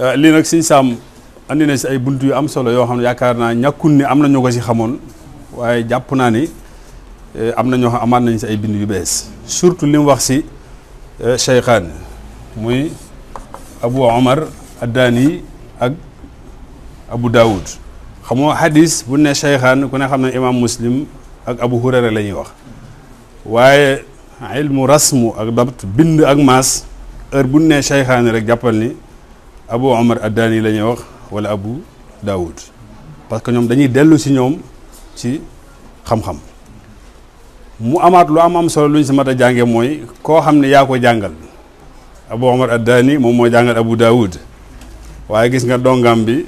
Euh, lii nag sëñ Sam andi na si ay bunt yu am solo yoo xam ne yaakaar naa ñàkkul ni am na ñu ko si xamoon waaye jàpp naa ni euh, am na ñoo xam amaat nañ si ay bind yu bees surtout li mu wax si euh, Cheikhaan muy Abu Omar Addaani ak Abu Daoud xamoo hadis bu ne Cheikhaan ku ne xam ne imaam muslim ak Abu Hurayra la wax waaye ilmu rasmu ak dabt bind ak maas heure bu ne Cheikhaan rek jàppal ni. Abu Omar Addaani la ñuy wax wala Abu Daoud parce que ñoom dañuy dellu si ñoom ci xam-xam mu amaat lu am am solo lu si mat a jànge mooy koo xam ne yaa ko jàngal Abu Omar Addaani moom moo jàngal Abu Daoud waaye gis nga dongam bi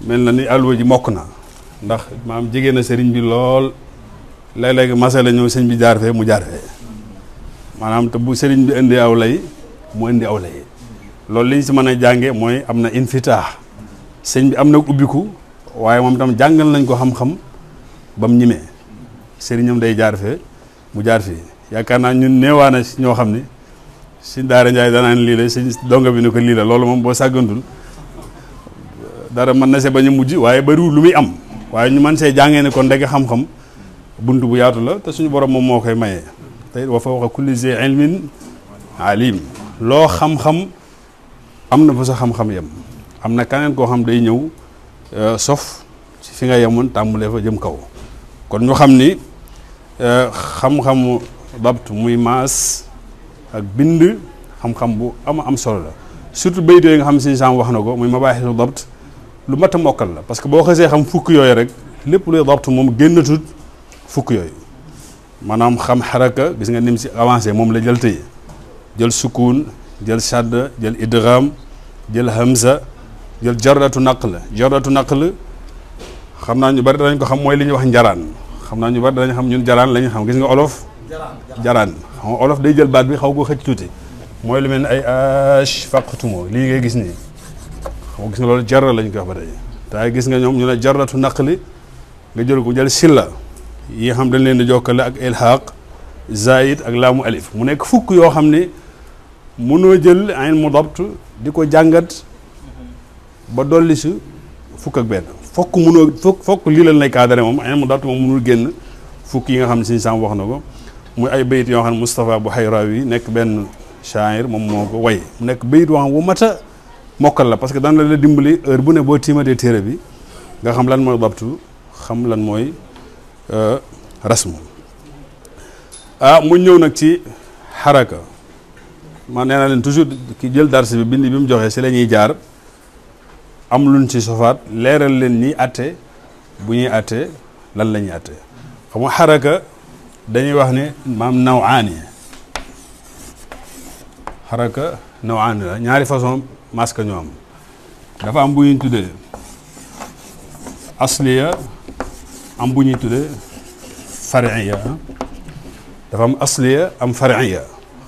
mel na ni alwa ji mokk na ndax maam jigéen na sëriñ bi lool léeg-léeg masa la ñëw sëriñ bi jaar fee mu jaar fee maanaam te bu sëriñ bi indi aw lay mu indi aw lay loolu li ñu mën a mooy am na infitaax sëñ am na ubbiku waaye moom tam jàngal nañ ko xam-xam ba mu ñimee day jaar mu jaar yaakaar naa ñun neewaana si ñoo xam ne si daara Njaay danaan lii sëñ donga bi ni lii la loolu moom boo sàggantul dara mën na see bañ mujj waaye bariwul lu muy am waaye ñu man see jàngee ne kon ndege xam-xam bunt bu yaatu la te suñu borom moom moo koy mayee tey wa fawqa kulli zi ilmin alim loo xam-xam am na fa sa xam-xam yem am na keneen koo xam day ñëw euh, sof ci fi nga yemoon tàmbalee fa jëm kaw kon ñu xam ni euh, xam-xamu dabt muy maas ak bind xam-xam bu am am solo la surtout bayit yooyu nga xam si sam wax na ko muy ma mabaaxisu dabt lu mat a mokkal la parce que boo xasee xam fukk yooyu rek lépp luy dabt moom génnatut fukk yooyu maanaam xam xaraka gis nga nim si avancé moom la jël tëye jël sukkuun jël shadda jël idgham jël hamza jël jarratu naql jarratu naql xam naa ñu bari danañ ko xam mooy li ñuy wax njaraan xam naa ñu bari danañ xam ñun jaraan lañu xam gis nga olof jaraan xam nga olof day jël baat bi xaw ko xëcc tuuti mooy lu mel ni ay ashfaqtumo lii ngay gis nii xam nga gis nga loolu jarra lañ koy wax ba tey te gis nga ñoom ñu ne jarratu naqli nga jël ko jël silla yi xam dañ leen di jokkale ak ilhaq zaid ak laamu alif mu nekk fukk yoo xam ni mënoo jël ayn mu dabt di ko jàngat ba dolli si fukk ak benn fokk munoo fokk fokk lii lan lay cadré moom ayn mu dabt moom mënul génn fukk yi nga xam ne Sëñ Saam wax na ko muy ay bayit yoo xam ne Moustapha bu Xayrawi nekk benn shaayir moom moo ko way nekk bayit yoo mu bu mat a mokkal la parce que daan la la dimbali heure bu ne boo tiimatee téere bi nga xam lan mooy dabtu xam lan mooy euh, rasmu ah mu ñëw nag ci xaraka ma nee leen toujours ki jël dars bi bind bi mu joxe si la ñuy jaar am luñ ci sofaat leeral leen ñiy atte bu ñuy atte lan la ñuy atte xam xaraka dañuy wax ne maam nawaani xaraka nawaani la ñaari façon masque ñoo am dafa am bu ñuy tuddee asliya am bu ñuy tuddee fariya dafa am asliya am fariya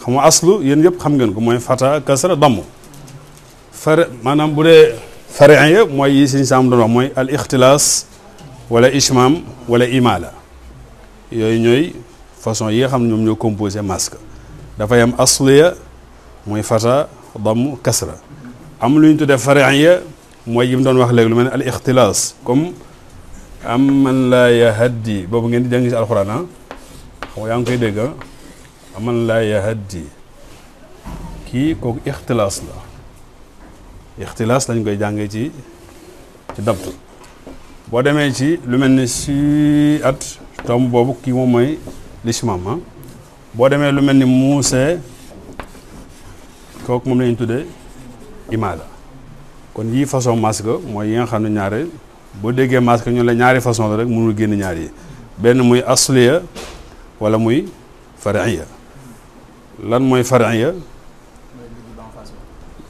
xam nga aslu yéen yëpp xam ngeen ko mooy fata kasra damm fare maanaam bu dee fariin ya mooy yi siñ saam doon wax mooy al ixtilaas wala ishmaam wala imaala yooyu ñooy façon yi nga xam ne ñoom ñoo composé masque dafay am asliya mooy fata damm kasra am lu ñu tuddee fariin ya mooy yi mu doon wax léegi lu mel ne al ixtilaas comme am man laa yahaddi boobu ngeen di jàng si alxuraan ah? xam nga yaa ngi koy dégg ah? aman laa yahaddi kii kooku ixtilaas la ixtilaas lañ koy jàngee ci ci dabt boo demee ci lu mel ni si at tomb boobu kii moom mooy lismam ah. boo demee lu mel ni muusee kooku moom lañu tuddee imaada kon yii façon masque mooy yi nga xam ne ñaare boo déggee masque ñu la ñaari façon la rek mënul génn ñaar yi benn muy asliya walla muy fariya lan mooy far'iyya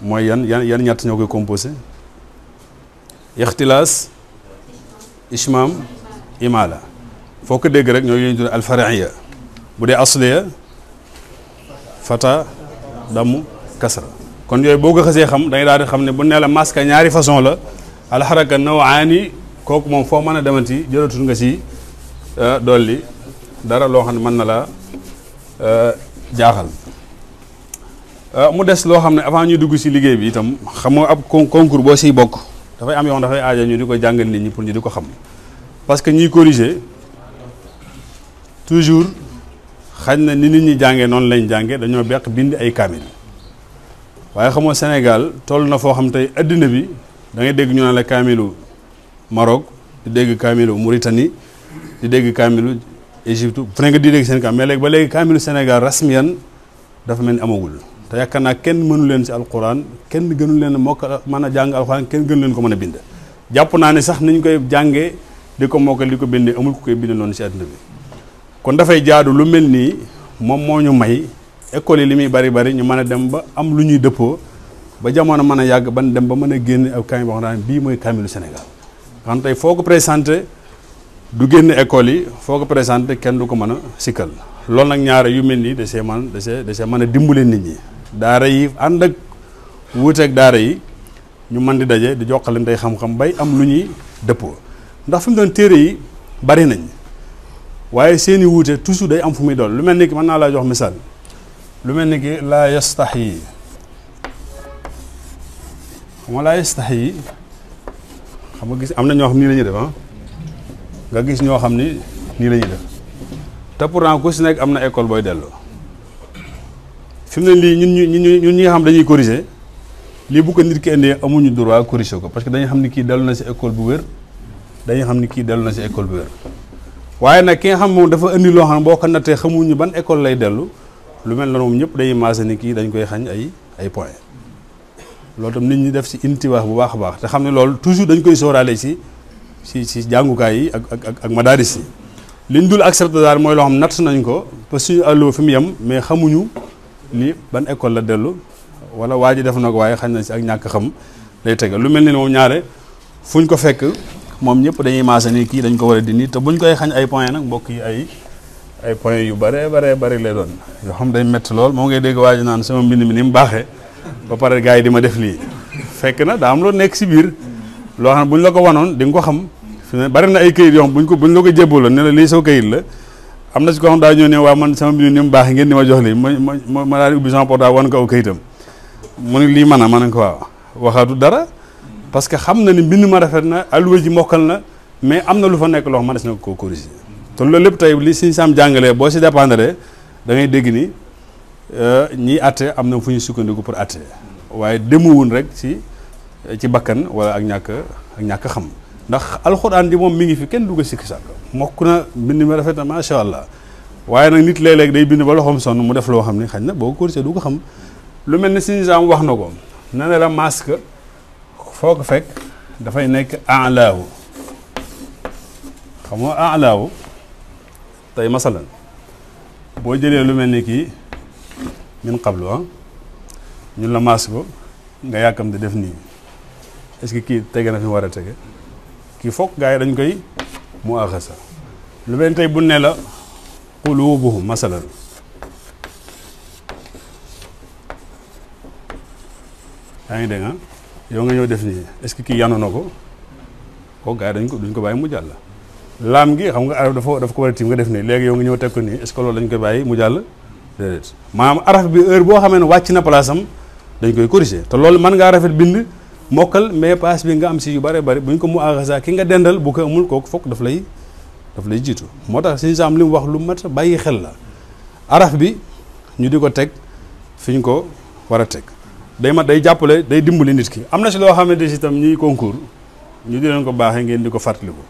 mooy yan yan yan ñett ñoo koy composé ixtilaas ishmaam la foo ko dégg rek ñoo yu ñu tudd al far'iyya bu dee asliya fata damu kasra kon yooyu boo ko xasee xam dangay daal di xam ne bu nee la maska ñaari façon la alxaraka nawaani kooku moom foo mën a demanti jëlatul nga si euh, dolli dara loo xam ne mën na la euh, jaaxal euh, mu des loo xam ne avant ñuy dugg ci liggéey bi itam xam nga ab concours boo siy bokk dafay am yoon dafay aaja ñu di ko jàngal nit ñi pour ñu di ko xam parce que ñiy corriger toujours xañ na ni nit ñi jàngee noonu lañ jànge dañoo beq bind ay kaamil waaye xamoo Sénégal toll na foo xam tey addina bi da ngay dégg ñu naan la kaamilu Maroc di dégg kaamilu Mauritanie di dégg kaamilu Égypte fu ne nga di dégg seen kaam mais ba léegi kaamilu Sénégal rasmiyan dafa mel ni amagul te yaakaar naa kenn mënu leen si alquran kenn gënu leen mokk mën a jàng alquran kenn gënu leen ko mën a bind jàpp naa ne sax niñ koy jàngee di ko mokkal li ko bindee amul ku koy bindee noonu si àdduna bi kon dafay jaadu lu mel nii moom moo ñu may école yi li muy bari bari ñu mën a dem ba am lu ñuy dëppoo ba jamono mën a yàgg ban dem ba mën a génn ak kaamil boo xam bii mooy kaamilu Sénégal du génn école yi foo ko présenté kenn du ko mën a sikkal loolu nag ñaare yu mel nii da man da dasee mën a dimbale nit ñi daara yi ànd ak wuuteeg daara yi ñu mën di daje di joxaleen day xam-xam bay am lu ñuy dëppoo ndax fi mu doon téere yi bari nañ waaye seeni wuute toujours day am fu muy doon lu mel ni ki mën naa laa jox misaal lu mel ni ki laa yastaxyi xam nga laa yastaxyi xam nga gis am na ñoo xam nii la ñuy def ah. nga gis ñoo xam ni nii la ñuy def te pourtant ku si nekk am na école booy delloo fi mu ne lii ñun ñu ñun ñi nga xam dañuy corriger lii bu ko nit ki indee amuñu droit corriger ko parce que dañu xam ni kii dellu na si école bu wér dañu xam ni kii dellu na si école bu wér waaye ki nga xam moom dafa indi loo boo ko nattee xamuñu ban école lay dellu lu mel noonu moom ñëpp dañuy maase ni kii dañ koy xañ ay ay points loolu tam nit ñi def si inti waax bu baax a baax te xam ne loolu toujours dañ koy sóoraale si. si si jàngukaay yi ak ak ak madaaris yi liñ dul accepté daal mooy loo xam natt nañ ko ba suñu àlloo fi mu yem mais xamuñu li ban école la dellu wala waa ji def na ko waaye xañ na si ak ñàkk xam lay tegal lu mel ni moom ñaare fuñ ko fekk moom ñëpp dañuy maase ni kii dañ ko war a dindi te buñ koy xañ ay point nag mbokk yi ay ay point yu bare bare bare lay doon yoo xam day métti lool moo ngay dégg waa ji naan sama mbind mi ni mu baaxee ba pare gaa yi di ma def lii fekk na daa nekk si biir loo xam ne buñ la ko xam fi bari na ay këyit yoo xam buñ ko buñ la ko jébbaloon ne la lii soo këyit la am na si koo xam daa ñëw ne waa man sama bind ni mu baax ngeen di ma jox lii ma ma ma daal di ubbi sama portable wan ko aw këyitam mu ne lii man a man na ko waaw waxaatu dara parce que xam na ni mbind ma rafet na alluwa ji mokkal na mais am na lu fa nekk loo xam ma des na ko corriger te loolu lépp tey li Sëñ Sam jàngalee boo si dépendre da ngay dégg ni euh, ñiy atte am na fu ñu sukkandiku pour atte waaye demuwun rek ci ci bakkan wala ak ñàkk ñàkk xam ndax alxuraan ji moom mi ngi fi kenn dugg ko sikki sàkk mokk na mbind mi rafet na macha allah waaye nag nit léeg-léeg day bind ba loxoom sonn mu def loo xam ne xañ na boo corrigé du ko xam lu mel ne sinisaam wax na ko ne ne la masque fekk dafay nekk alaawu xam nga alaawu tey masalan boo jëlee lu mel ni kii min qablu ah ñun la masque ko nga yàkkam di def nii est-ce kii tege na fi war a tege kii foog gars yi dañ koy mu axasa lu benn tey bu ne la qulubuhum masalan yaa ngi dégg ah yow def nii est-ce kii yanu na ko kooku dañ ko duñ ko bàyyi mu jàll laam gi xam nga araf dafa dafa ko war a tiim nga def nii léegi yow nga ñëw teg ko nii est-ce dañ koy bàyyi mu jàll déedéet maanaam araf bi heure boo xamee ne wàcc na place am dañ koy corriger te loolu mën ngaa rafet bind mokkal mais paas bi nga am si yu bare bari bu ñu ko mu axasa ki nga dendal bu ko amul kooku fokk daf lay dafa lay jiitu moo tax suñu saam li mu wax lu mat bàyyi xel la araf bi ñu di ko teg fi ñu ko war a teg day mat day jàppale day dimbali nit ki am na si loo xamante si itam ñuy concours ñu di leen ko baaxee ngeen di ko fàttaliku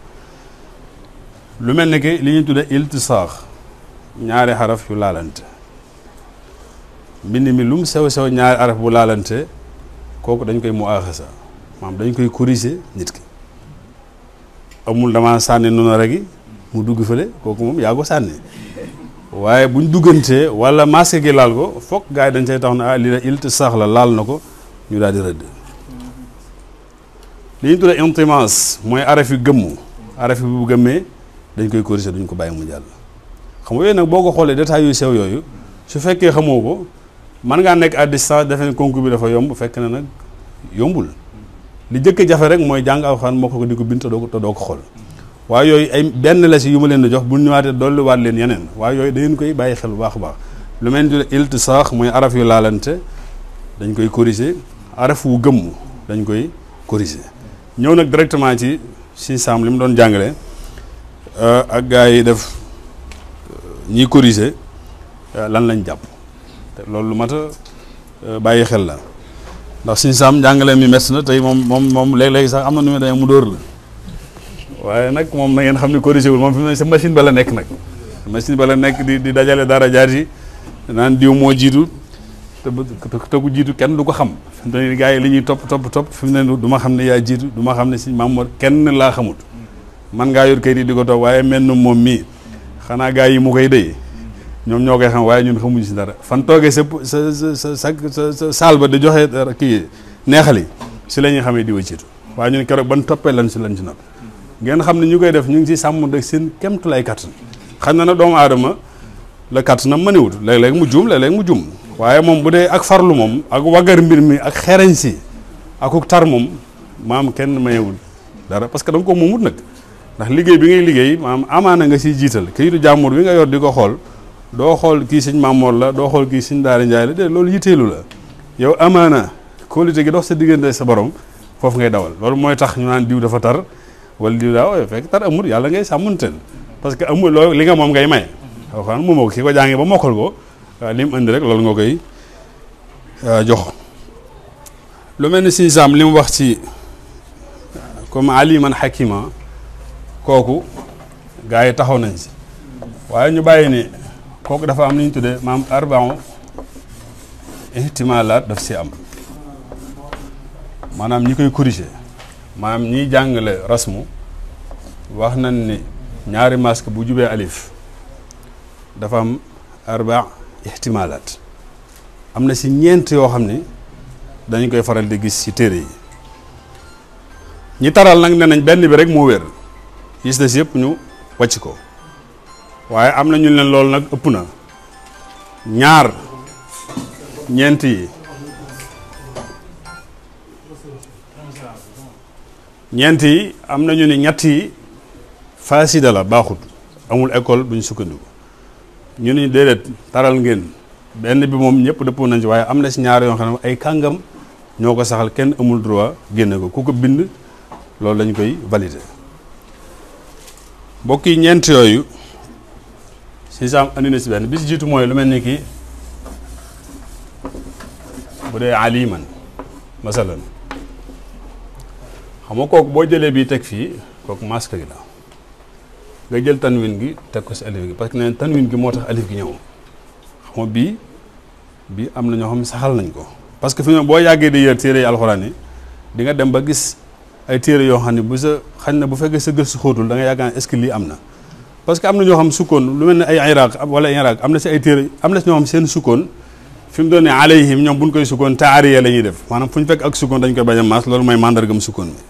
lu mel ni que li ñuy tudde iltisaax ñaari araf yu laalante mbind mi lu mu sew sew ñaari araf bu laalante kooku dañ koy mu aaxasa maam dañ koy corriger nit ki amul dama sànni noonu rek yi mu dugg fële kooku moom yaa ko sànni waaye buñ duggantee wala masque gi laal ko foog gars yi dañ say tax na ah lii la il te sax la laal na ko ñu daal di rëdd li ñu tuddee intimence mooy araf gëmmu gëmm araf bu gëmmee dañ koy corriger duñ ko bàyyi mu jàll xam nga yooyu nag boo ko xoolee détails sew yooyu su fekkee xamoo ko man ngaa nekk à distance defe ne concours bi dafa yomb fekk na nag yombul li jëkk jafe rek mooy jàng alxuraan moo ko di ko bind te doo ko te ko xool waaye yooyu ay benn la si yu ma leen di jox bu ñëwaatee dolliwaat leen yeneen waaye yooyu da ngeen koy bàyyi xel bu baax a baax lu mel ni iltisaax mooy araf yu laalante dañ koy corriger araf wu gëmm dañ koy corriger ñëw nag directement ci si saam li mu doon jàngale euh, ak gars yi def ñii corriger euh, lan lañ jàpp. loolu lu mat a euh, bàyyi xel la ndax suñu saam njàngale mi mes na tey moom moom moom léeg sax am na nu muy demee mu dóor la waaye nag moom na ngeen xam ne corrigé wul moom fi mu ne sa machine ba la nekk nag machine ba la nekk di di dajale dara jaar yi naan diw moo jiitu te te ku jiitu kenn du ko xam fi mu ne gars yi li ñuy topp topp topp fi mu ne du ma xam ne yaa jiitu du ma xam ne si maam kenn laa xamut man ngaa yor kayit yi di ko topp waaye mel moom mii xanaa gars yi mu koy dëy ñoom ñoo koy xam waaye ñun xamuñu si dara fan toogee sa sa sa sa sa saal ba di joxee dara kii neexali si la ñuy xamee di wëccitu waaye ñun keroog ban toppee lan si lan si nag ngeen xam ne ñu koy def ñu ngi si sàmm de seen kemtulaay kàttan xam na na doomu aadama la kàttanam mëniwut léeg-léeg mu juum léeg-léeg mu juum waaye moom bu dee ak farlu moom ak waggar mbir mi ak xereñ si akuk tar moom maam kenn mayewul dara parce que da nga ko moomut nag ndax liggéey bi ngay liggéey maam amaana nga siy jiital këyitu jàmbur bi nga yor di ko xool doo xool kii sëñ Mamoor la doo xool kii sëñ Daara Njaay la de loolu yitteelu la yow amaana kóolute gi dox sa diggante sa borom foofu ngay dawal loolu mooy tax ñu naan diw dafa tar wala diw daa ooy fekk tar amul yàlla ngay sàmmunteel parce que amul loolu li nga moom ngay may alxuraan moomoo ko ki ko jàngee ba mokkal ko li mu indi rek loolu nga koy jox lu mel ni sëñ Saam li mu wax ci comme aliman xakima kooku gaa yi taxaw nañ si waaye ñu bàyyi ni kooku dafa am lu ñu tuddee maam arbaon ihtimalaat daf si am maanaam ñi koy corriger maanaam ñiy jàngale rasmu wax nañ ni ñaari masque bu jubee alif dafa am arba ihtimalaat am na si ñeent yoo xam ni dañ koy faral di gis si téere yi ñi taral nag ne nañ benn bi rek moo wér gis na si yëpp ñu wàcc ko waaye am na ñu leen loolu nag ëpp na ñaar ñeenti ñeenti am na ñu ne ñetti yi faasida la baaxut amul école bu ñu sukkandiku ñu ni déedéet taral ngeen benn bi moom ñëpp dëppoo nañ waaye am na si ñaar yoo xam ne ay kàngam ñoo ko saxal kenn amul droit génne ko ku ko bind loolu lañ koy valider mbokk yi ñeent yooyu. si saam andi na si benn bi si jiitu mooy lu mel ni ki bu dee aliman masalan xam nga kooku boo jëlee bii teg fii kook masque gi la nga jël tanwin gi teg ko si alif parce que nee tanwin gi moo tax alif gi ñëw xam bii bii am na ñoo xam ne saxal nañ ko parce que fi mu boo yàggee di yër téere yi alxuraan yi dem ba gis ay téere yoo xam ne bu sa xañ na bu fekkee sa gëstu xóotul da nga yaakaar lii am na parce que am na ñoo xam sukkoon lu mel ne ay iraq wala iraq am ay téere am na si ñoo xam seen sukkoon fi mu doon ne alayhim ñoom buñ koy sukkoon taariya la ñuy def maanaam fu ñu fekk ak sukkoon dañ koy bañ a maas loolu mooy mandargam sukkoon bi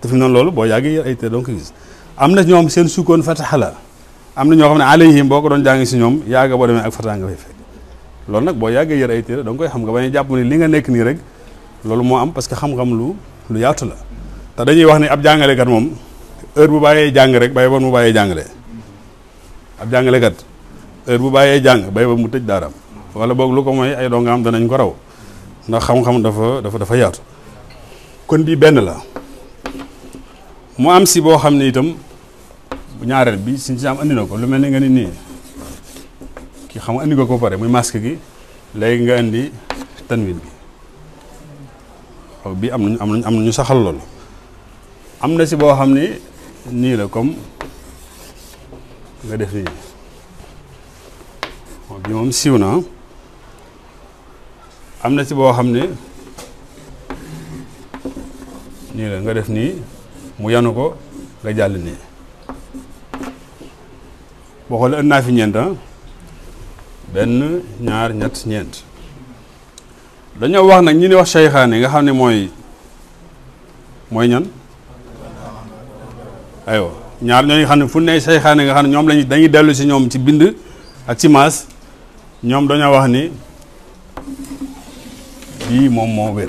te fi mu noonu loolu boo yàggee ay na ñoo seen sukkoon fataha la am na ñoo xam ne alayhim boo ko doon jàngi si ñoom yaaga boo demee ak fataha nga fekk loolu nag boo yàggee yër ay téere da koy xam nga bañ a jàpp ne li nga nekk nii rek loolu moo am parce que xam-xam lu lu yaatu la te dañuy wax ne ab jàngale kat moom heure bu bàyyee jàng rek bay bon mu bàyyee jàngale ab jàngalekat heure bu bàyyee jàng bay ba mu tëj daaraam wala boog lu ko mooy ay dongaam danañ ko raw ndax xam-xam dafa dafa dafa yaatu kon bii benn la mu am si boo xam ne itam ñaareel bi si am andi ko lu mel ni nga ni nii ki xam nga andi ko ko pare muy masque gi léegi nga andi tanwin bi xaw bi am nañu am nañu am nañu saxal loolu am na si boo xam ne nii la comme nga def nii moom siw naa am na ci boo xam ne nii la nga def nii mu yanu ko nga jàll nii boo xoolee ënd naa fi ñeent ah. benn ñaar ñett ñeent dañoo wax nag ñi ni wax sayxaan yi nga xam ne mooy mooy ñan aywa ñaar ñooñu xam ne fu ne seyxaane nga xam ne ñoom lañu dañuy dellu si ñoom ci bind ak ci maas ñoom dañoo wax ni bii moom moo wér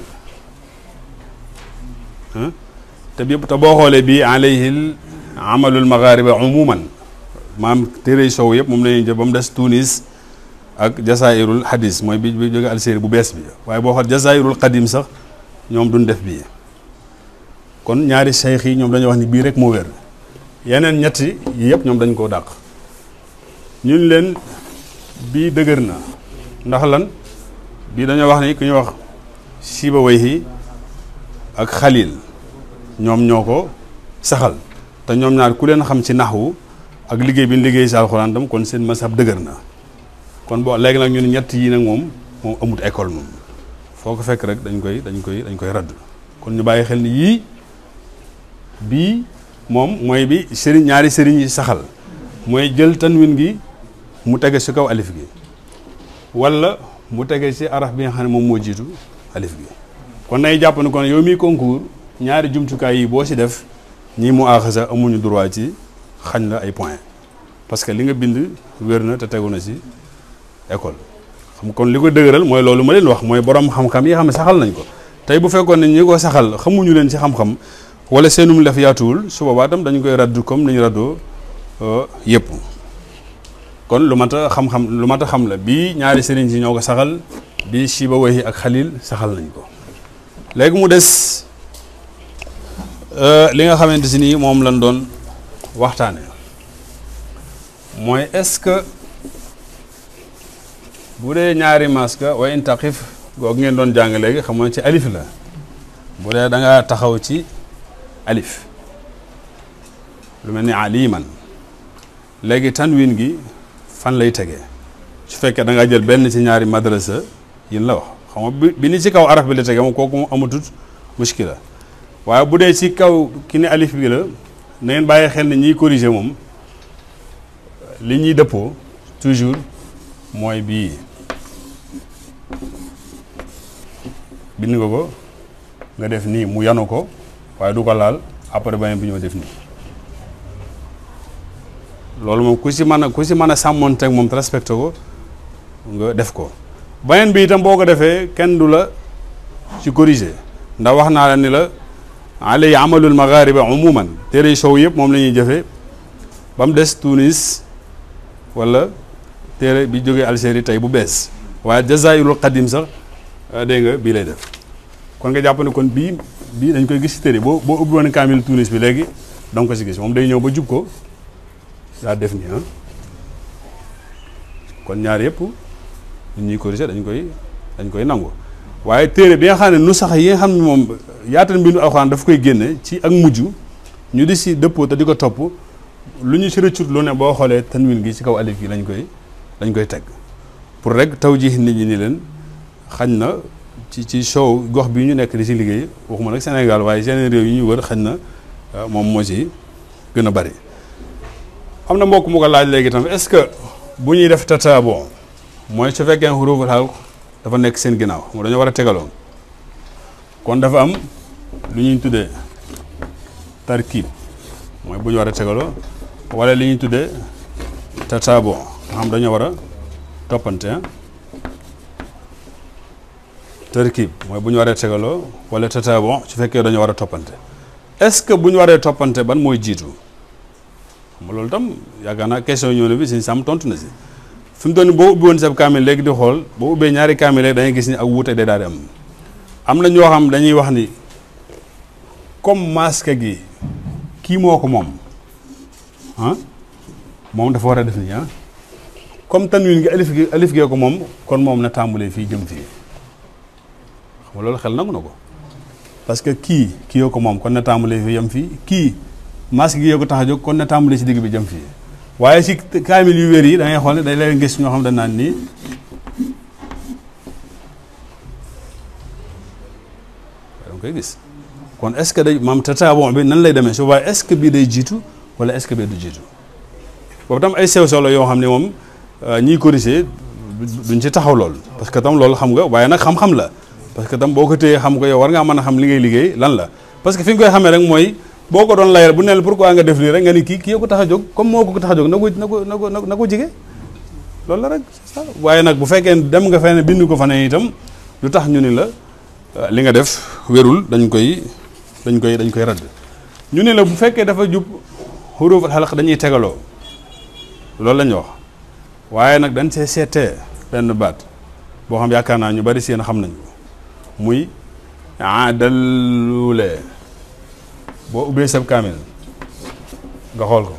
te bi te boo xoolee bii alayhil amalul maghariba umuman maam téere sow yëpp moom la ñuy ba mu des Tunis ak jasairul hadis mooy bi bi jóge Algérie bu bees bi waaye boo xool jasairul qadim sax ñoom duñ def bii kon ñaari seex yi ñoom dañoo wax ni bii rek moo wér yeneen ñett yi yëpp ñoom dañ koo dàq ñu ñun leen bii dëgër na ndax lan bii dañoo wax ni ku ñu wax siiba wayhi ak xalil ñoom ñoo ko saxal te ñoom ñaar ku leen xam ci naxwu ak liggéey bi ñu liggéey si alxuraan tam kon seen masab dëgër na kon boo léegi nag ñun ñett yi nag moom moom amut école moom foo ko fekk rek dañ koy dañ koy dañ koy radd kon ñu bàyyi xel ni yii bii moom mooy bi sëriñ ñaari sëriñ yi saxal mooy jël tanwin gi mu tege si kaw alif gi wala mu tege si araf bi nga xam ne moom moo jiitu alif gi kon nay jàpp ne kon yow miy concours ñaari jumtukaay yi boo si def ñii mu aaxasa amuñu droit ci xañ la ay point parce que li nga bind wér na te tegu na si école xam kon li ko dëgëral mooy loolu ma leen wax mooy borom xam-xam yi xam ne saxal nañ ko tey bu fekkoon ne ñi ko saxal xamuñu leen ci xam-xam wala seenum lef yaatuwul su boobaa tam dañu koy raddu comme ni ñu raddoo euh, yëpp kon lu mat a xam-xam lu mat a xam la bii ñaari sëriñ si ñoo ko saxal bii Shiba Wahi ak Xalil saxal nañ ko léegi mu des euh, li nga xamante si nii moom lañ doon waxtaane mooy est-ce que bu dee ñaari maska way intaqif googu ngeen doon jàng léegi xam nga ci alif la bu dee da ngaa taxaw ci alif lu mel ni aliman léegi tanwin gi fan lay tegee su fekkee dangaa jël benn ci ñaari madrasa yin la wax xam nga bi ni ci kaw araf bi la tege moom kooku mu amatut muskila waaye bu dee ci kaw ki ni alif bi la na ngeen bàyyi xel ne ñiy corriger moom li ñuy dëppoo toujours mooy bii bind ko ko nga def nii mu yanu ko waaye du ko laal après beneen bi ñoo def nii loolu moom ku si mën a ku si mën a sàmmoonteeg moom te respecté ko nga def ko beneen bi itam boo ko defee kenn du la ci corriger ndax wax naa la ni la alay amalul mu umuman téere sow yëpp moom la ñuy jëfee ba mu des Tunis walla téere bi jógee Algérie tey bu bees waaye jazairul qadim sax euh, dégg nga bii lay def kon nga jàpp kon bii bii dañ koy gis si téere boo boo ubbi woon kaamil tunis bi léegi danga ko si gis moom day ñëw ba jub ko daa def nii ah. kon ñaar yëpp ñun ñuy corriger dañ koy dañ koy nangu waaye téere bi nga xam ne nu sax yi nga xam ne moom yaatal mbindu alxuraan daf koy génne ci ak mujj ñu di si dëppoo te di ko topp lu ñu si rëccut lu ne boo xoolee ten tanwin gi ci kaw alif gi lañ koy lañ koy teg pour rek taw ji nit ñi ni leen xañ na ci ci show gox bi ñu nekk di si liggéey waxuma nag Sénégal waaye yeneen réew yu ñu wër xëñ na euh, moom moo ci gën a bari. am na mbokk mu ko laaj léegi tam est-ce que bu ñuy def tataabon mooy su fekkee xuruuful xalq dafa nekk seen ginnaaw moo dañoo war a tegaloo kon dafa am lu ñuy tuddee tarkiib mooy bu ñu war a tegaloo wala li ñuy tuddee tataabon nga xam dañoo war a toppante ah. tërkib mooy bu ñu waree tegaloo wala tataabon su fekkee dañoo war a toppante est-ce que bu ñu waree toppante ban mooy jiitu xam loolu tam yaakaar naa question ñoo na bi suñu sàmm tontu na si fi mu toll nii boo ubbi woon sab kaamil léegi di xool boo ubbee ñaari kaamil léegi dangay gis ni ak wuute day daal di am am na ñoo xam dañuy wax ni comme masque gi kii moo ko moom ah moom dafa war a def nii ah comme tanwin gi alif gi alif gee ko moom kon moom na tàmbalee fii jëm fii. xam nga loolu xel nangu na ko parce que kii kii yoo ko moom kon na tàmbalee fi yem fii kii masque gi yoo ko tax a kon na tàmbalee si digg bi jam fii waaye si kaamil yu wér yi da ngay xool ne day leen gis ñoo xam dañ naan nii koy gis kon est-ce que day maam tataabon bi nan lay demee su boobaa est-ce que bii day jiitu wala est-ce que bii du jiitu boobu tam ay sew sew la yoo xam ne moom euh, ñiy corriger duñ ci taxaw lool parce que tam loolu xam nga waaye nag xam-xam la parce que tam boo ko téyee xam ko yow war ngaa mën a xam li ngay liggéey lan la parce que fi nga koy xamee rek mooy boo ko doon layal bu neel pourquoi nga def lii rek nga ni kii kii ko tax a jóg comme moo ko tax a jóg na ko na ko na na ko jige loolu la rek waaye nag bu fekkee dem nga fenn bind ko fa ne itam lu tax ñu ni la euh, li nga def wérul dañ koy dañ koy dañ koy radd ñu ni la bu fekkee dafa jub xuruuf xalaq dañuy tegaloo loolu la ñu wax waaye nag dañ see seetee benn baat boo xam yaakaar naa ñu bari seen xam nañu muy aadalule boo ubbee sab kaamil nga xool ko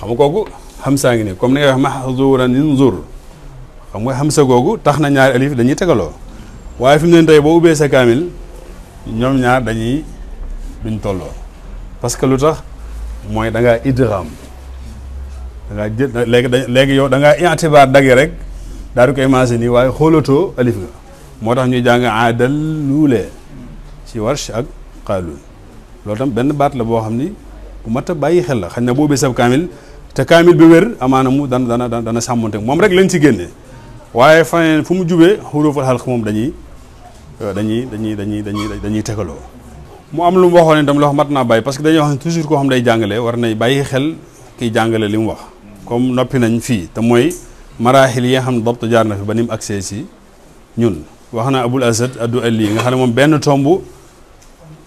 xam nga xam saa ngi nii comme ni ngay wax mahzuran inzur xam nga xamsa googu tax na ñaar alif dañuy tegaloo waaye fi mu ne tey boo ubbee sa kaamil ñoom ñaar dañuy duñ tolloo parce que lu tax mooy da ngaa idgham da jël léegi dañ léegi yow da ngaa i'tibaar dagge rek daal di koy maase nii waaye xoolatoo alif nga moo tax ñuy jàng aadal luulee ci warsh ak qaaluun loolu tam benn baat la boo xam ni bu mat a bàyyi xel la xañ na boo sab kaamil te kaamil bi wér amaana mu dana dana dana sàmmonte moom rek lañ ci génnee waaye faneen fu mu jubee xuruuful xalq moom dañuy euh, dañuy dañuy dañuy dañuy dañuy tegaloo mu am lu mu waxoon itam loo xam mat naa bàyyi parce que dañuy wax ne toujours koo xam day jàngale war nay bàyyi xel kiy jàngale li mu wax comme noppi nañ fii te mooy maraaxil yi nga xam ne dabt jaar na fi ba ni mu agsee si ñun wax na abul asad addu ali nga xam ne moom benn tomb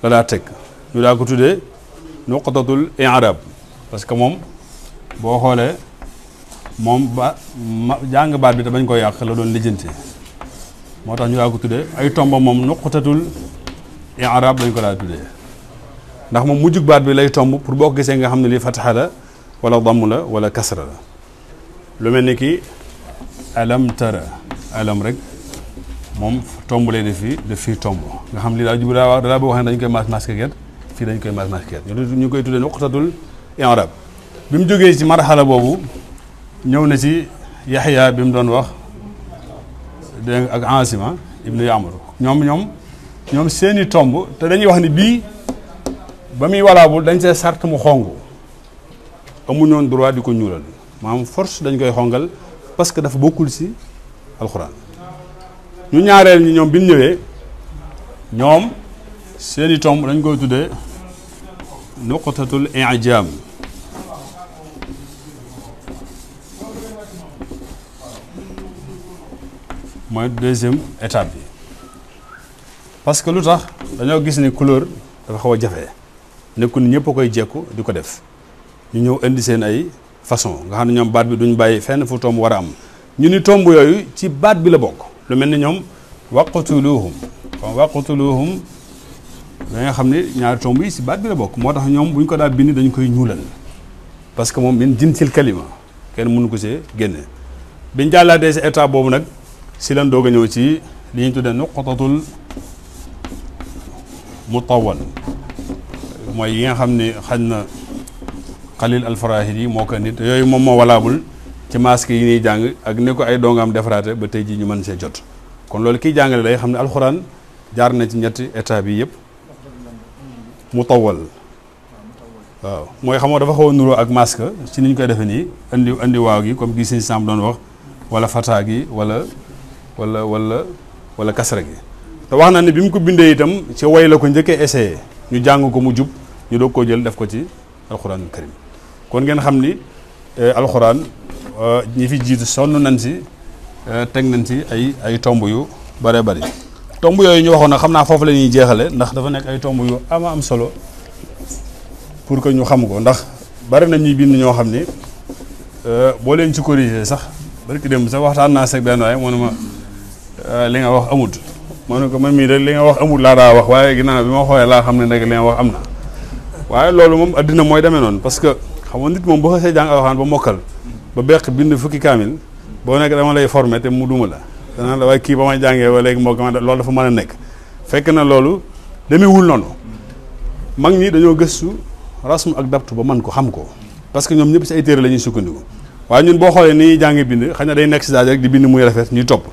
la daa teg ñu daa ko tuddee nuqtatul i'rab parce que moom boo xoolee moom ba jàng baat bi te bañ koy yàq la doon lijjanti moo tax ñu daa ko tuddee ay tomba moom nuqtatul i'rab lañ ko daa tuddee ndax moom mujjug baat bi lay tomb pour boo ko gisee nga xam ne lii fataxa la wala damm la wala kasra la lu mel ni ki alam tara alam rek moom tomb lay def fii def fii tomb nga xam lii daal jub daa daa boo wax ne dañ koy maas masque ket fii dañu koy maas masque ket ñu ñu koy tuddee nuqtatul i'rab bi mu jógee ci marxala boobu ñëw na ci yaxya bi mu doon wax dégg ak ansima ibnu yaamur ñoom ñoom ñoom seeni tomb te dañuy wax ni bii ba muy walaabul dañ see sart mu xong amuñoon droit di ko ñuulal maanaam force dañ koy xongal parce que dafa bokkul si alxuraan ñu ñaareel ñi ñoom bi ñu ñëwee ñoom seeni tomb dañ koy tuddee nuqtatul i'jam mooy deuxième étape bi parce que lu tax dañoo gis ni couleur dafa xaw a jafe nekkul ñëpp a koy jekku di ko def ñu ñëw indi seen ay façon nga xam ne ñoom baat bi duñ bàyyi fenn fu tomb war a am ñu ni tomb yooyu ci baat bi la bokk lu mel ni ñoom waqtuluhum kon waqtuluhum da nga xam ne ñaari tomb yi si baat bi la bokk moo tax ñoom bu ñu ko daa bind dañu koy ñuulal parce que moom min jinsil kalima kenn mënu ko see génne biñ jàllaatee si état boobu nag si lan doog a ñëw ci li ñu tuddee nuqtatul mutawal mooy yi nga xam ni xaj na xalil alfarahid yi moo ko nit yooyu moom moo walaabul ci masque yi ñuy jàng ak ni ko ay dongaam defaraate ba tey ji ñu mën see jot kon loolu kiy jàngale day xam ne alxuraan jaar na ci ñetti état bi yëpp mu tawal waaw mooy xamoo dafa xaw a nuroo ak masque ci ni ñu koy defee nii indi andi waaw gi comme gi sëñ Samb doon wax wala fataa gi wala walla wala wala kasra gi te wax na ne bi mu ko bindee itam ci way la ko njëkkee essayé ñu jàng ko mu jub ñu doo koo jël def ko ci alxuraanul karim kon ngeen xam ni eh, alxuraan Euh, ñi fi jiit sonn nañ si euh, teg nañ si ay ay tomb yu bare bari tomb yooyu ñu waxoon nag xam naa foofu la ñuy jeexale ndax dafa nekk ay tomb yu ama am solo pour que ñu xam ko ndax bari na ñuy bind ñoo xam ni euh, boo leen ci corriger sax barki démb sax waxtaan naa seg benn waaye mu ma li nga wax amut ma li nga wax amut laa daa wax waaye ginnaaw bi ma xoolee laa xam ne nag li am na waaye loolu moom addina mooy demee noonu parce que xam nga nit moom boo xasee jàng alxuraan ba mokkal ba beq bind fukki kaamil boo nekk dama lay formé te mu duma la dana la waaye kii ba ma jàngee ba léegi moo gama loolu dafa mën a nekk fekk na loolu demewul noonu mag ñi dañoo gëstu rasmu ak dabtu ba mën ko xam ko parce que ñoom ñëpp ci la ñuy sukkandiku waaye ñun boo xoolee ni ñuy bind xëy na day nekk si daal rek di bind muy rafet ñuy topp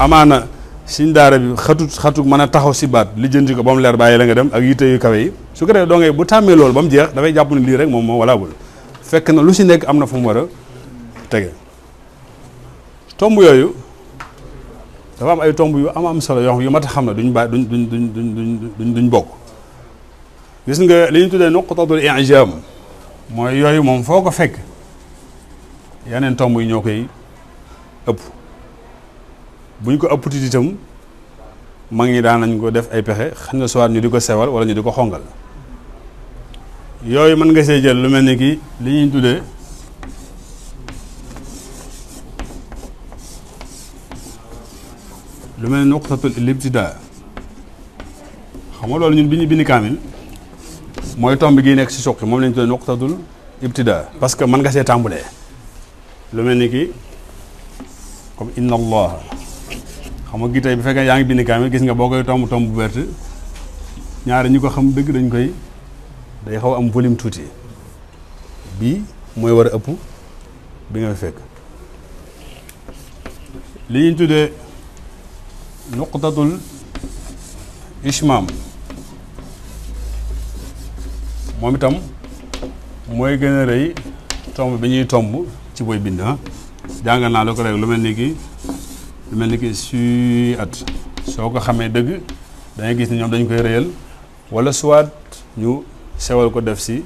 amaana siñ daara bi xatut xatut mën a taxaw si baat li jënti ko ba mu leer bàyyi la nga dem ak yitte yu yi su ko defee doo ngay loolu ba mu jeex dafay jàpp ne lii rek moom moo walaabul fekk na lu si nekk am na fu mu war a tege tomb yooyu dafa am ay tomb yu am am solo yoo xam yu mat a xam ne duñ bàyyi duñ duñ duñ duñ duñ bokk gis nga li ñu tuddee nuqtatul i'jam mooy yooyu moom foo ko fekk yeneen tomb yi ñoo koy ëpp buñ ko ëpp tuuti itam mag ñi daan nañ ko def ay pexe xam na soit ñu di ko sewal wala ñu di ko xongal yooyu mën nga see jël lu mel ni ki li ñuy tuddee lu mel ne nuqtatul libtida xam nga loolu ñun bi ñu bindi kaamil mooy tomb gi nekk ci suqi moom lañ tuddee nuqtatul ibtida parce que mën nga see tàmbulee lu mel ni ki comme inna allah xam nga gi tey bu fekkee yaa ngi bindi kaamil gis nga boo koy tomb tomb bu verte ñaari ñi ko xam dëgg dañ koy day xaw am volume tuuti bii mooy war a ëpp bi nga fekk li ñuy tuddee nuqdatul ishmaam moom itam mooy gën a rëy tomb bi ñuy tomb ci booy bind ah jàngal naa la ko rek lu mel ni ki lu mel ni ki su at soo ko xamee dëgg dangay gis ni ñoom dañ koy rëyal wala soit ñu sewal ko def si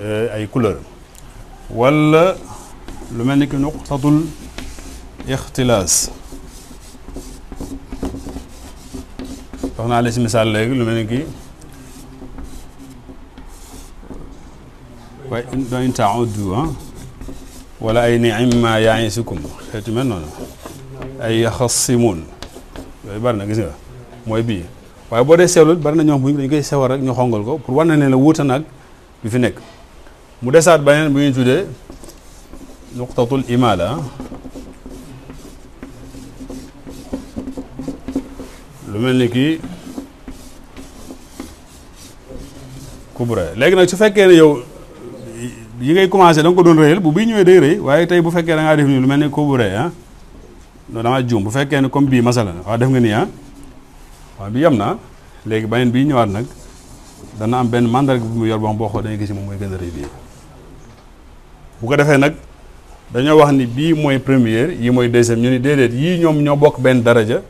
eh, ay couleur wala lu mel ni ki nuqtatul ixtilaas wax naa la si misaal léegi lu mel ni kii waaye doo in tauddu ah. wala ay ni'imma ya'izukum xeetu mel noonu ay yaxasimuun yooyu bari na gis nga mooy bii waaye boo dee seetlu bari na ñoo xam bu ñu dañu koy sewar rek ñu xongal ko pour war na ne la wuute nag bi fi nekk mu desaat beneen bu ñuy tuddee nuqtatul imaala ah. mel ni kii kubra léegi nag su fekkee ne yow yi ngay commencé da ko doon rëyal bu bii ñëwee day rëy waaye tey bu fekkee da ngaa def nii lu mel ni kubra ah non dama juum bu fekkee ne comme bii masala waaw def nga nii ah waaw bi yam na léegi beneen bii ñëwaat nag dana am benn mandarga bu mu yor boo xam dañuy gis moom mooy gën a rëy bii bu ko defee nag dañoo wax ni bii mooy première yi mooy deuxième ñu ni déedéet yii ñoom ñoo bokk benn daraja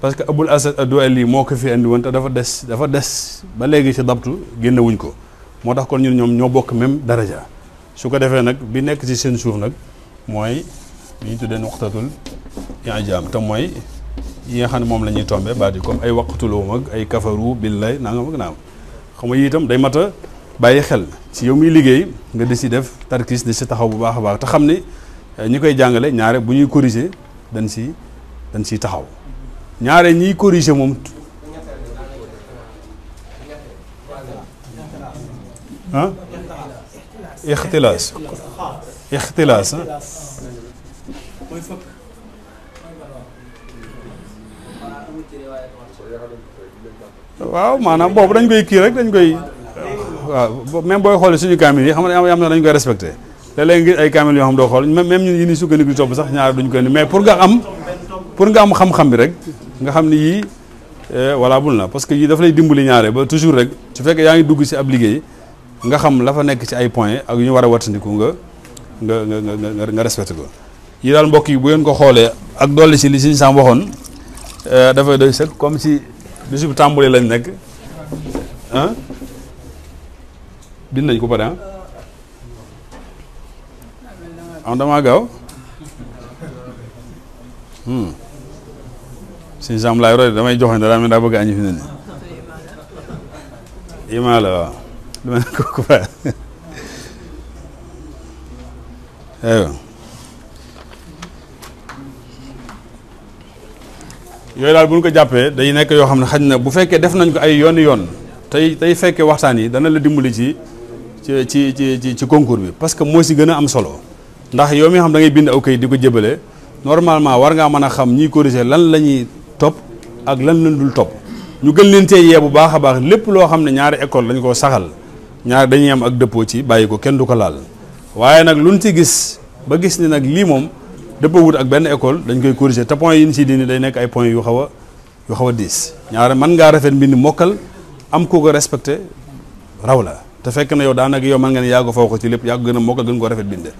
parce que Abul Asad Ad-Du'ali moo ko fi andi woon te dafa des dafa des ba léegi ci dabtu génne wuñ ko moo tax kon ñun ñoom ñoo bokk même daraja su ko defee nag bi nekk si seen suuf nag mooy li tuddee nuqtatul i'jaam te mooy yi nga xam ne moom la ñuy tombé baat yi comme ay waqtuloo ak ay kafaru billay naa nga mag naam xam nga itam day mat a bàyyi xel ci yow muy liggéey nga di si def tarkis di si taxaw bu baax a baax te xam ne eh, ñi koy jàngale ñaare bu ñuy corriger dañ si dañ siy taxaw ñaare ñiy corriger moom ah ixtilaas ixtilaas ah. waaw maanaam boobu dañ koy kii rek dañ koy waaw même booy xool suñu kaamil yi xam nga am na dañ koy respecté léeg-léeg ngi ay kaamil yoo xam doo xool même ñun yi ni sukkandiku topp sax ñaare duñ koy ni mais pour nga am pour nga am xam-xam bi rek nga xam ni yii eh, valable na parce que yii dafa lay dimbali ñaaree ba toujours rek su fekkee yaa ngi dugg ci ab liggéey nga xam lafa nekk ci ay point ak yu ñu war a wattandiku nga nga nga nga respecté ko yi daal mbokk yi bu ngeen ko xoolee ak dolli ci li Sëriñ Sam waxoon eh, dafay doy sëkk comme si bisub tàmbali lañ nekk ah bind nañ ko pare am ah, damaa gaaw hmm. suñu sam laay roy damay joxoñ daa mel daa bëgg añu fi ne nii imaa waaw dama ne kooku fa aywa yooyu daal bu ñu ko jàppee day nekk yoo xam ne xaj na bu fekkee def nañ ko ay yooni yoon tey tey fekkee waxtaan yi dana la dimbali ci ci ci ci ci concours bi parce que moo si gën a am solo ndax yow mi xam da ngay bind aw di ko jëbale normalement war ngaa mën a xam ñiy corriger lan lañuy ak lan lan dul topp ñu gën leen cee yee bu baax a baax lépp loo xam ne ñaari école lañ koo saxal ñaari dañuy am ak dëppoo ci bàyyi ko kenn du ko laal waaye nag luñ ci gis ba gis ni nag lii moom dëppoo wut ak benn école dañ koy corriger te point yi ñu si dindi day nekk ay points yu xaw a yu xaw a diis ñaari mën ngaa rafet mbind mokkal am ku ko respecté raw la te fekk na yow daanaka yow man nga ne yaa ko faw ko ci lépp yaa ko gën a mokkal gën ko rafet bind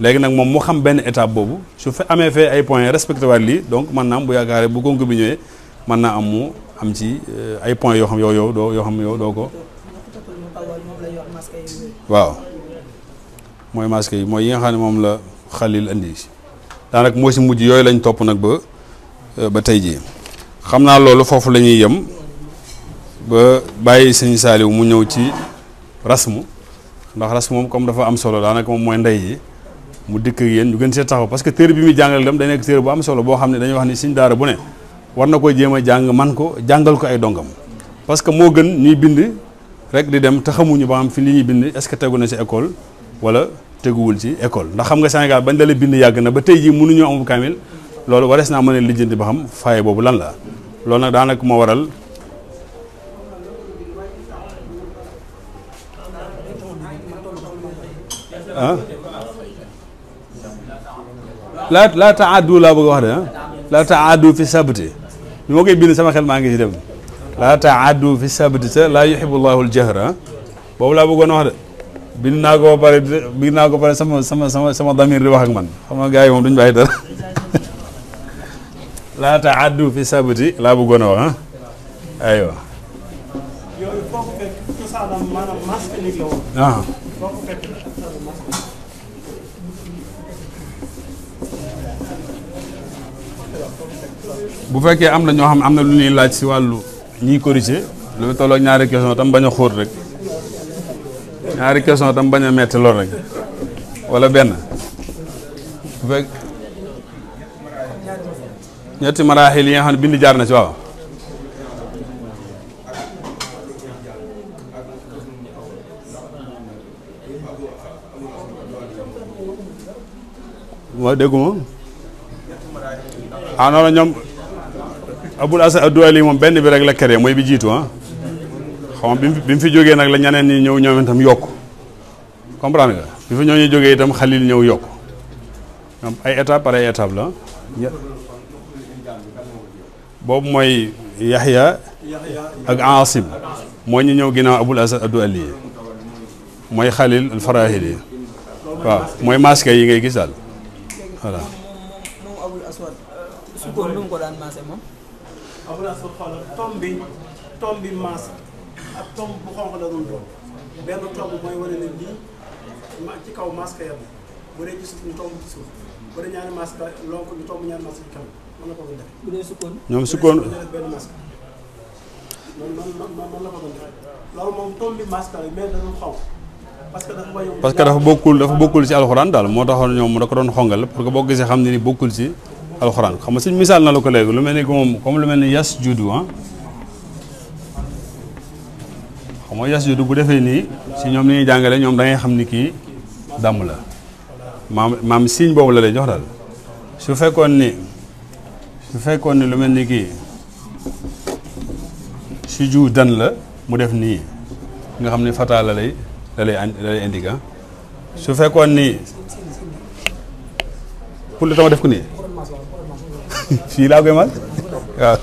léegi nag moom mu xam benn étape boobu su amee fee ay points respecté waat donc man naam bu yaakaaree bu konk bi ñëwee mën naa am mu am ci euh, ay point yoo xam yow yow doo yoo xam yow doo ko. waaw mooy masque yi mooy yi nga xam ne moom la xalil indi daanaka moo si mujj yooyu lañ topp nag ba euh, ba tey jii xam naa loolu foofu la ñuy yem ba bàyyi sëñ Saaliw mu ñëw ci rasmu ndax rasmu moom comme dafa am solo daanaka moom mooy ndey ji mu dikk ak ñu gën see taxaw parce que bi muy jàngale dem day nekk téere bu am solo boo xam ne dañuy wax ni sëñ daara bu ne. war na ko jéem a jàng man ko jàngal ko ay dongam parce que moo gën ñuy bind rek di dem te xamuñu ba xam fi li ñuy bind est-ce que tegu na ci école wala teguwul ci école ndax xam nga Sénégal bañ dalee bind yàgg na ba tey jii mënuñoo amub kaamil loolu warees naa mën a lijjanti xam faaye boobu lan la loolu nag daanaka moo waral ah laa laa taaddu bëgg wax de ah? laa taaddu fi sabti bi ma koy bind sama xel maa ngi ci dem laa taaddu fi sabti ta laa yuhibbu llaahu al-jahra boobu laa bëggoon wax de bind naa ko ba pare bind naa ko ba pare sama sama sama sama damir di wax ak man xam nga gars yi moom duñ bàyyi dara laa taaddu fi sabti laa bëggoon a wax ah aywa. yooyu foofu fekk cosaanam maanaam masque la woon. Ah. bu fekkee am na ñoo xam am na lu nuy laaj si wàllu ñiy corriger lu tolloog ñaari question tam bañ a xóot rek ñaari question tam bañ a metti lool rek wala benn bu fekk ñetti maraaxil yi nga xam ne bind jaar na ci waaw waaw dégguma ah non ñoom Abul Hasan Adduwali moom benn bi rek la créé mooy bi jiitu ah xaw bi mu fi jógee nag la ñeneen ñi ñëw ñoom itam yokk comprendre nga bi fi ñoo ñu jógee itam xalil ñëw yokk ñoom ay étape par ay étape la ah. boobu mooy Yaxya ak Aasim moo ñu ñëw ginnaaw Abul Hasan Adduwali mooy xalil alfarahili waaw mooy masque yi ngay gis daal voilà. tomb bi tomb bi maas ak tomb bu xonq la doon doon benn tomb mooy wane ne lii ma ci kaw masque yam bu dee ci suuf ñu tomb ci suuf bu dee ñaari masque lonk ñu tomb ñaari masque bi masque parce que dafa bokkul dafa bokkul ci alxuraan daal moo taxoon ñoom da doon xongal pour boo gisee xam ne ni bokkul si alxuraan xam nga suñ misaal na la ko léegi lu mel ni moom comme lu mel ni yas juddu ah xam nga yas juddu bu defee nii si ñoom ni ñuy jàngale ñoom da xam ni kii dàmm la maam maam signe boobu la lay jox daal su fekkoon ni su fekkoon ni lu mel ni si ju dan la mu def nii nga xam ni fataa la lay ah. su fekkoon ni pour le temps def ko nii. fii laa koy maas waaw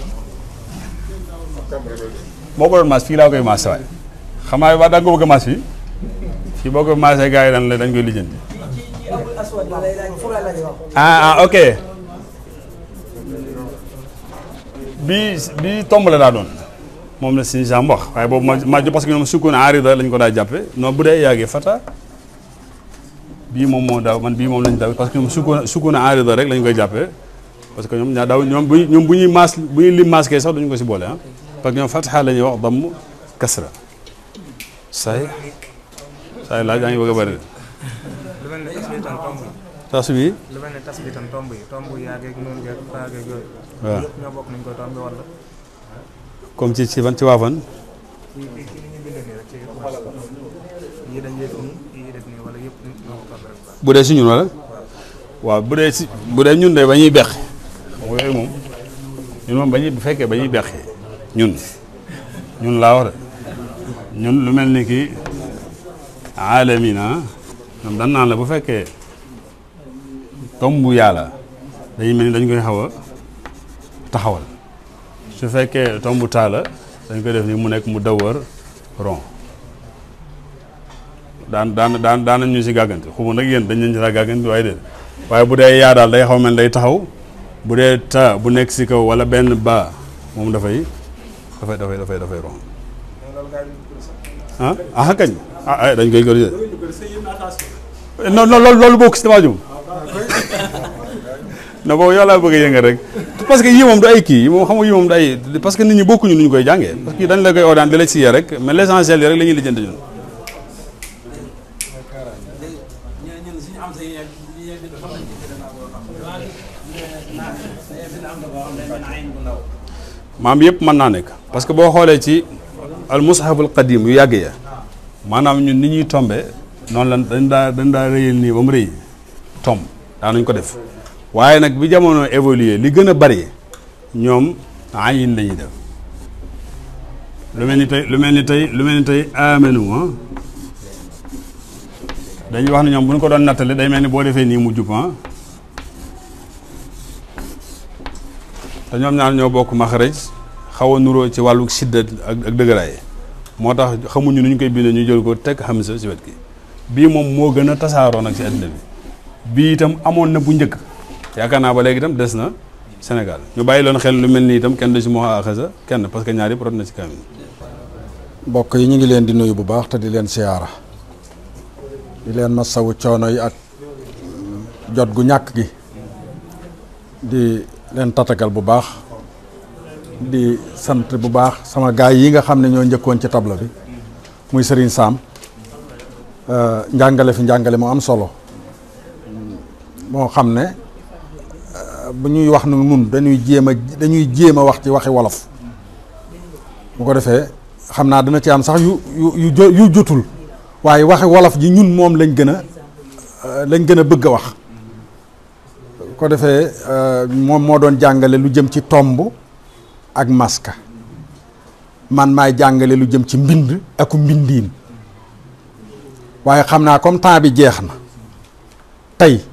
boo ko doon maas fii laa koy maas waaye xam nga waa da ko bëgg a fii fii boo ko maasee gars yi dañ la dañ koy lijjanti. ah ah bii bii tomb la daa doon moom la si jàmm wax waaye boobu ma parce que ñoom sukkoon aarida lañ ko daa jàppe non bu dee yàggee fata bii moom moo daaw man bii moom lañ daaw parce que ñoom sukkoon sukkoon rek lañ koy jàppe parce que ñoom ñaa daaw ñoom bu ñuy maas bu ñuy lim maas sax duñu ko si boole ah parce que ñoom fatxa la ñuy wax damm kasra saay saay laaj daa ngi bëgg a bëri tas bi lu mel ne tas bi tam tomb ci ci ci waa bu dee si ñun wala waaw bu dee si bu dee ñun de ba ñuy bex moom yooyu moom ba ñuy bu fekkee ba ñuy beqee ñun ñun laa war ñun lu mel ni ki aalamina ñoom dan naan la bu fekkee tomb yàlla dañuy mel ni dañ koy xaw a taxawal su fekkee tomb taala dañ koy def nii mu nekk mu dawar ron daan daan daan daan nañ ñu si gàggante xuma nag yéen dañ leen si daa gàggante waaye déedéet waaye bu dee yaa daal day xaw mel day taxaw bu dee ta bu nekk si kaw wala benn baa moom dafay dafay dafay dafay dafay ron ah ah kañ ah, ah dañ koy corriger non non loolu loolu bokk si damaa jum na boobu yow laa bëgg a rek parce yii moom du ay kii yi moom xam yii moom du ay parce nit ñi bokkuñu nu ñu koy jàngee parce que dañ la koy ordonné di la si yee rek mais l'essentiel yi rek ñun maam yëpp mën naa nekk parce que boo xoolee ci al mushaful qadim yu yàgg ya maanaam ñun ni ñuy tombe noonu la dañ daa dañ daa rëyal nii ba mu rëy tomb daanañ ko def waaye nag bi jamono évolué li gën a bari ñoom ayin la ñuy def lu mel ni tey lu mel ni tey lu mel ni tey amenu ah. dañuy wax na ñoom bu ñu ko doon nattale day mel ni boo defee nii mu jub ah. te ñoom ñaar ñoo bokk maxaraj xaw a nuroo ci wàllu sidda ak ak moo tax xamuñu nu ñu koy bind ñu jël ko teg hamza si wet gi bii moom moo gën a tasaaroo nag si àddina bi bii itam amoon na bu njëkk yaakaar naa ba léegi itam des na senegal ñu bàyyi loon xel lu mel ni itam kenn du si moo xasa kenn parce que ñaar yëpp rot na si kaamil mbokk yi ñu ngi leen di nuyu bu baax te di leen siyaara di leen ma masawu coono yi ak jot gu ñàkk gi di leen tatagal bu baax di sant bu baax sama gaay yi nga xam ne ñoo njëkkoon ci tableau bi muy Serigne Sam euh, njàngale fi njàngale mu am solo moo xam ne euh, bu ñuy wax nag nun dañuy jéem a dañuy jéem a wax ci waxi wolof bu ko defee xam naa dina ci am sax yu yu yu jotul waaye waxi wolof ji ñun moom lañ gën a euh, lañ gën a bëgg a wax ko defee moom moo doon jàngale lu jëm ci tomb ak maska man maay jàngale lu jëm ci mbind aku mbindiin waaye xam naa comme temps bi jeex na tey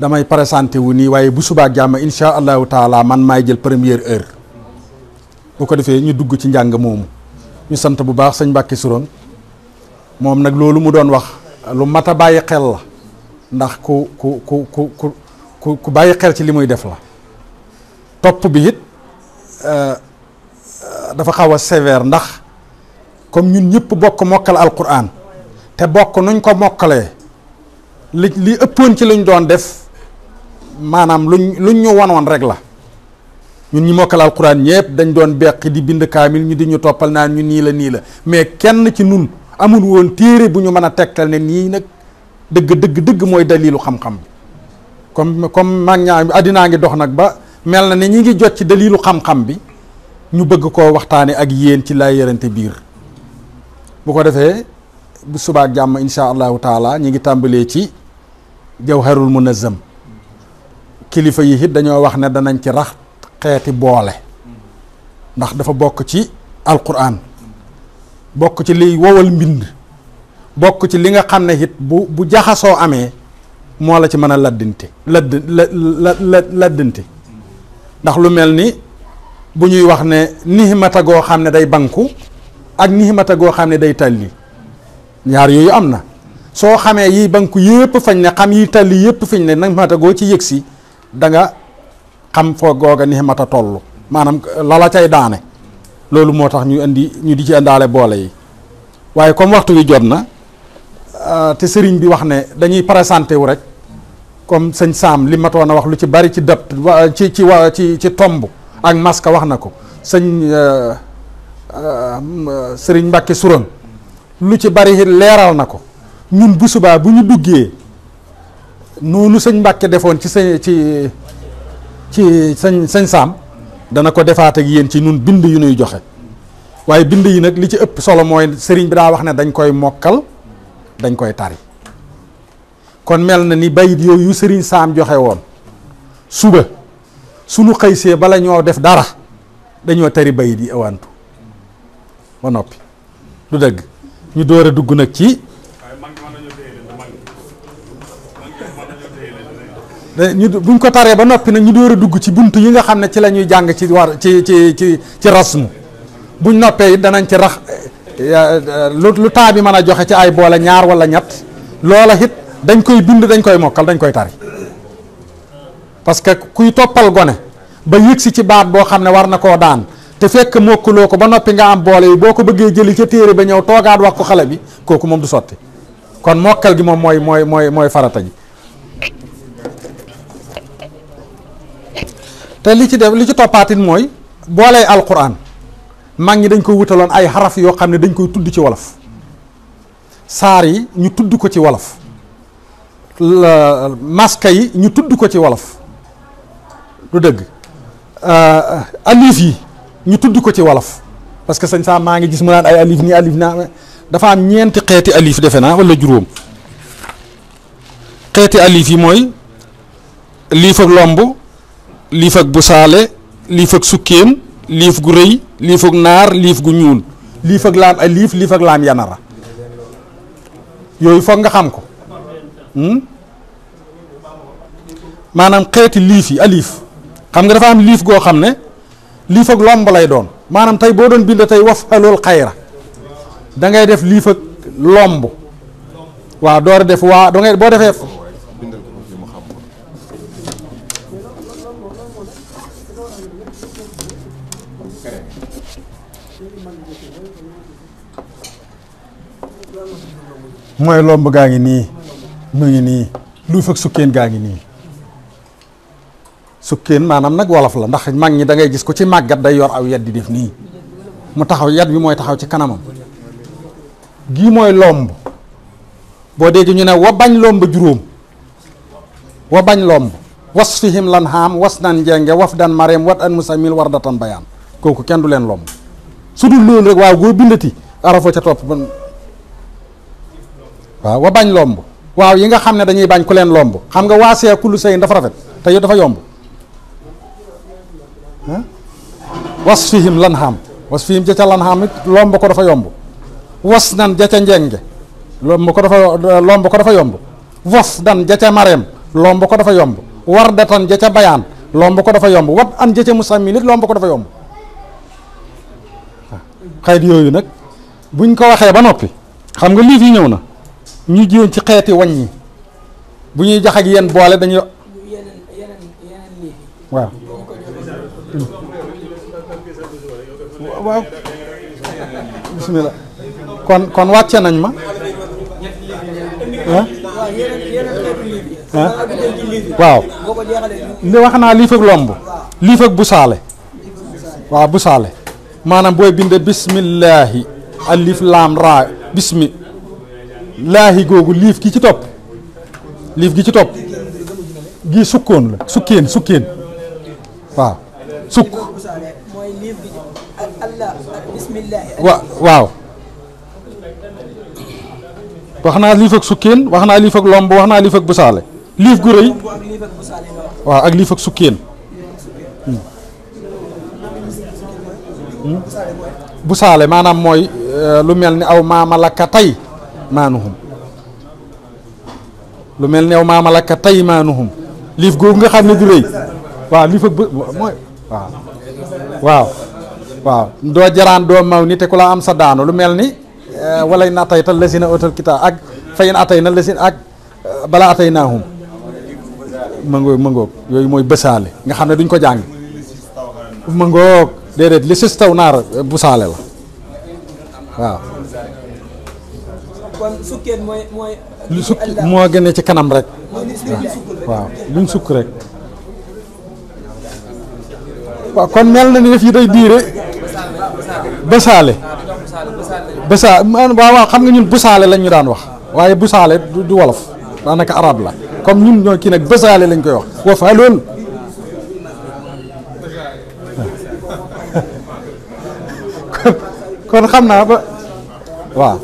damay présenté wu nii waaye bu subaa jàmm insha allahu taala man maay jël première heure boo ko defee ñu dugg ci njàng moomu ñu sant bu baax sañ Mbàkke Suroon moom nag loolu mu doon wax lu mat a bàyyi xel la ndax ku ku ku ku ku ku bàyyi xel ci li muy def la topp bi it Euh, dafa xaw a sévère ndax comme ñun ñëpp bokk mokkal alquran te bokk nuñ ko mokkalee li li ëppoon ci luñ doon def maanaam luñ luñ ñu wanoon rek la ñun ñi mokkal alquran ñëpp dañ doon beqi di bind kaamil ñu di ñu toppal naa ñu nii la nii la mais kenn ci nun amul woon téere bu ñu mën a tegtal ne nii nag dëgg dëgg dëgg mooy dalilu xam-xam bi comme comme mag ñaa addinaa ngi dox nag ba mel na ni ñi ngi jot ci dalilu xam-xam bi ñu bëgg koo waxtaane ak yéen ci lay yërante biir bu ko defee bu subaak jàmm insha allahu taala ñi ngi tàmbalee ci jawharul munazzam kilifa yi it dañoo wax ne danañ ci rax xeeti boole ndax dafa bokk ci alquran bokk ci li wowal mbind bokk ci li nga xam ne it bu bu jaxasoo amee moo la ci mën a laddinte ladd la ndax lu mel ni bu ñuy wax ne nihimata goo xam ne day banku ak nihimata goo xam ne day talli ñaar yooyu am na soo xamee yi banku yëpp fañ ne xam yi talli yëpp fiñ ne nihimata goo ci yëg si da nga xam foo googa nihimata toll maanaam euh, lala daane loolu moo tax ñu indi ñu di ci indaale boole yi waaye comme waxtu yi jot na euh, te sëriñ bi wax ne dañuy présenté wu rek comme sëñ Saam li matoon a wax lu ci bari ci dëpp ci ci wa ci ci tomb ak masque wax na ko sëñ euh, euh, euh, sëriñ Mbàkke Suran lu ci bari leeral na ko ñun bu subaa bu ñu duggee noonu sëñ Mbàkke defoon ci sëñ ci ci sëñ sëñ Saam dana ko defaat ak yéen ci ñun bind yu ñuy joxe waaye bind yi nag li ci ëpp solo mooy sëriñ bi daa wax ne dañ koy mokkal dañ koy tari kon mel na ni bayit yooyu sëriñ saam joxe woon suba sunu xëysee bala ñoo def dara dañoo tari bayit yi awantu ba noppi du dëgg ñu door a dugg nag ci ñu buñ ko taree ba noppi nag ñu door a dugg ci bunt yi nga xam ne ci lañuy jàng ci war ci ci ci ci rasmu buñ noppee it danañ ci rax lu lu temps bi mën a joxe ci ay boole ñaar wala ñett loola it dañ koy bind dañ koy mokkal dañ koy tari parce que kuy toppal gone ba yëg si ci baat boo xam ne war na koo daan te fekk mokkuloo ko ba noppi nga am boole yi boo ko bëggee jëli ca téere ba ñëw toogaat wax ko xale bi kooku moom du sotti kon mokkal gi moom mooy mooy mooy mooy farata ji te li ci def li ci toppaatin mooy boolee alxuraan mag ñi dañ ko wutaloon ay xaraf yoo xam ne dañ koy tudd ci wolof saar yi ñu tudd ko ci wolof la maska yi ñu tudd ko ci wolof lu dëgg euh, euh, alif yi ñu tudd ko ci wolof parce que sëñ saa maa ngi gis mu naan ay alif nii alif naa dafa am ñeenti xeeti alif defe naa walla juróom xeeti alif yi mooy liif ak lomb liif ak busaale liif ak sukkéem liif gu rëy liif ak naar liif gu ñuul liif ak laam ay liif liif ak laam yanara yooyu foog nga xam ko Hmm? maanaam xeeti liif yi aliif xam nga dafa am liif goo xam ne liif ak lomb lay doon maanaam tey boo doon bind tey waf alool xayra da def liif ak lomb waaw door def waa da boo defee mooy lomb gaa ngi nii mu ngi nii luy fag sukkeen gaa ngi nii sukkeen maanaam nag wolof la ndax mag ñi da ngay gis ko ci màggat day yor aw yat di def nii mu taxaw yat bi mooy taxaw ci kanamam gii mooy lomb boo dégg ñu ne wa bañ lomb juróom wa bañ lomb was fihim lan xaam was nan njenge waf dan mareem wat an musamil war datan bayaan kooku kenn du leen lomb su dul loolu rek waaw goo bindati arafa ca topp waaw wa bañ lomb waaw yi nga xam ne dañuy bañ ku leen lomb xam nga waasee kullu sayin dafa rafet te yow dafa yomb was fihim lan xam was fihim ja ca lan xam it lomb ko dafa yomb was nan ja ca njenge lomb ko dafa lomb ko dafa yomb was dan ja ca mareem lomb ko dafa yomb war datan ja ca bayaan lomb ko dafa yomb wat an ja ca musammi nit lomb ko dafa yomb xayit yooyu nag buñ ko waxee ba noppi xam nga lii fi ñëw na ñu jéem ci xeeti wañ yi bu ñuy jax ak yéen boole dañuy waaw waaw kon kon wàcce nañ ma waaw li wax naa lii fag lomb lii fag bu waaw bu maanaam booy bind bismillahi alif laam bismi laahi googu liif gi ci topp liif gi ci topp gi sukkoon la sukkeen sukkeen waaw sukk wa waaw wax naa liif ak sukkeen wax naa liif ak lomb wax naa liif ak busaale liif gu rëy waaw ak liif ak sukkeen hmm. Hmm. busaale maanaam mooy euh, lu mel ni aw maamala ka tey maanuhum lu mel new maa malaka tay maanuhum liif googu nga xam ne du rëy waaw liif ak bë mooy waaw waaw doo jaraan doo maw ni te ku la am sa daanu lu mel ni eh, walay na atay tal lasina otal kita ak fayin atay na lasina ak eh, bala atay naahum mëngoog mëngoog yooyu mooy bësaale nga xam ne duñ ko jàng mëngoog déedéet li sis taw naar eh, bu saale la waaw kon sukkeet mooy mooy. lu sukk moo gën a ci kanam rek. waaw luñ sukk rek. kon mel na ni daf yi day diire basaale basaa waaw waaw xam nga ñun busaale lañ ñu daan wax waaye busaale du wolof daanaka arab la comme ñun ñoo kii nag basaale lañ koy wax wa kon kon xam naa ba waaw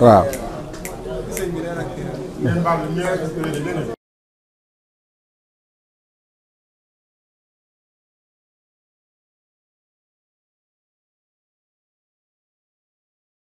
waaw